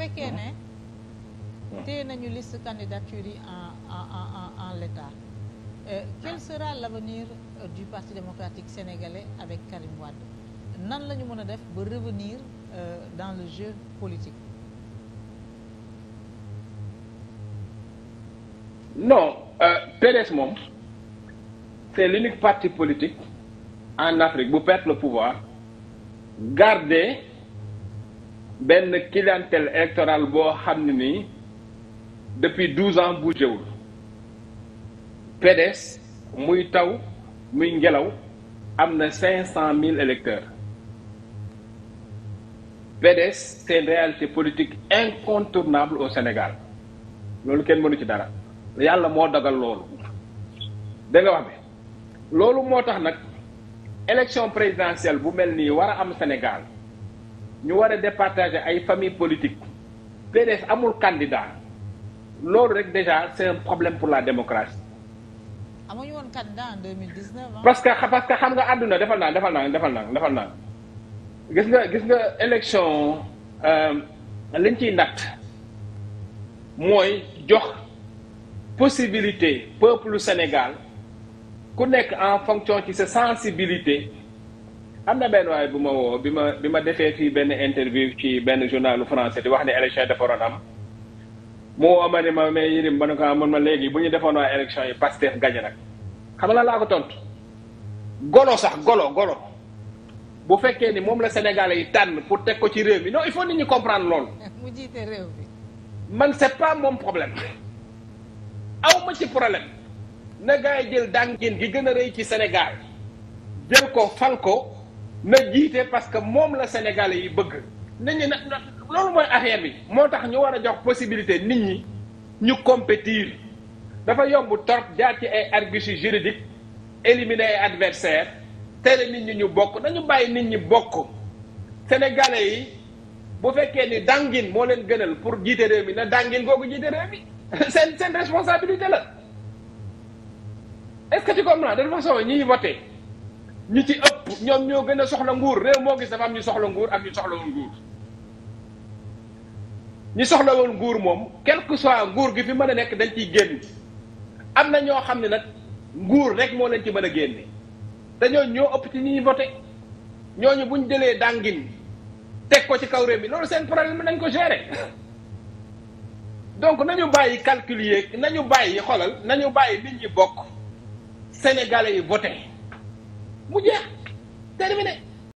fekkee ne téye nañu liste candidature yi en en en en l'état euh, quel sera l'avenir euh, du Parti démocratique sénégalais avec Karim Wade nan la ñu mën a def ba revenir euh, dans le jeu politique non PDS euh, moom c'est l'unique parti politique en Afrique bu perdre le pouvoir garder benn clientèle électorale boo xam ne nii depuis douze ans bougé wul PDS muy taw muy ngelaw am na cinq cent mille électeurs PDS c'est une politique incontournable au Sénégal loolu kenn mënu ci dara yàlla moo dogal loolu da wax bi loolu moo tax nag élection présidentielle bu mel nii war a am Sénégal ñu war a ay famille politique PDS amul candidat loolu rek déjà c'est un problème pour la démocratie. amuñu woon candidat en 2019. parce que parce que xam nga àdduna defal naa defal naa defal naa defal naa gis nga gis nga élection euh, liñ ci natt mooy jox possibilité peuple Sénégal ku nekk en fonction ci sa sensibilité. am na benn waaye bu ma woo bi ma bi ma defee fii benn interview ci benn journalu français di wax ne élection dafa waroon am mu woo ma ne ma mais Yérim ma ne ko ah, ma léegi bu ñu defoon waa élection yi Pastef gañe nag xam la laa ko tontu golo sax golo golo bu fekkee ni moom la Sénégalais yi tànn pour teg ko ci réew bi non il faut nit ñi comprendre loolu. mu jiite réew bi. man c'est pas mon problème aw ci problème na gaa yi jël dàngin gi gën a rëy ci Sénégal ko fal ko. na jiite parce que moom la sénégalais yi bëgg nit ñi nag loolu mooy affaire bi moo tax ñu war a jox possibilité nit ñi ñu compétir dafa yomb torop jaar ci ay arguties juridiques éliminer ay adversaires tere nit ñi ñu bokk nañu bàyyi nit ñi bokk sénégalais yi bu fekkee ni dàngin moo leen gënal pour jiite réew mi na dàngin googu jiite réew mi seen seen responsabilité la est-ce que tu comprends de toute ñiy voté ñu ci ëpp ñoom ñoo gën a soxla nguur réew moo gis dafa am ñu soxla nguur ak ñu soxlawul nguur ñi soxlawul nguur moom quel que soit nguur gi fi mën a nekk dañ ciy génn am na ñoo xam ne nag nguur rek moo leen ci mën a génne dañoo ñoo ëpp ci ñu ñuy voté ñooñu buñ jëlee dàngin teg ko ci kaw réew mi loolu seen problème nañ ko gérer donc nañu bàyyi calculer nañu bàyyi xolal nañu bàyyi nit ñi bokk sénégalais yi voté. mu jeex terminé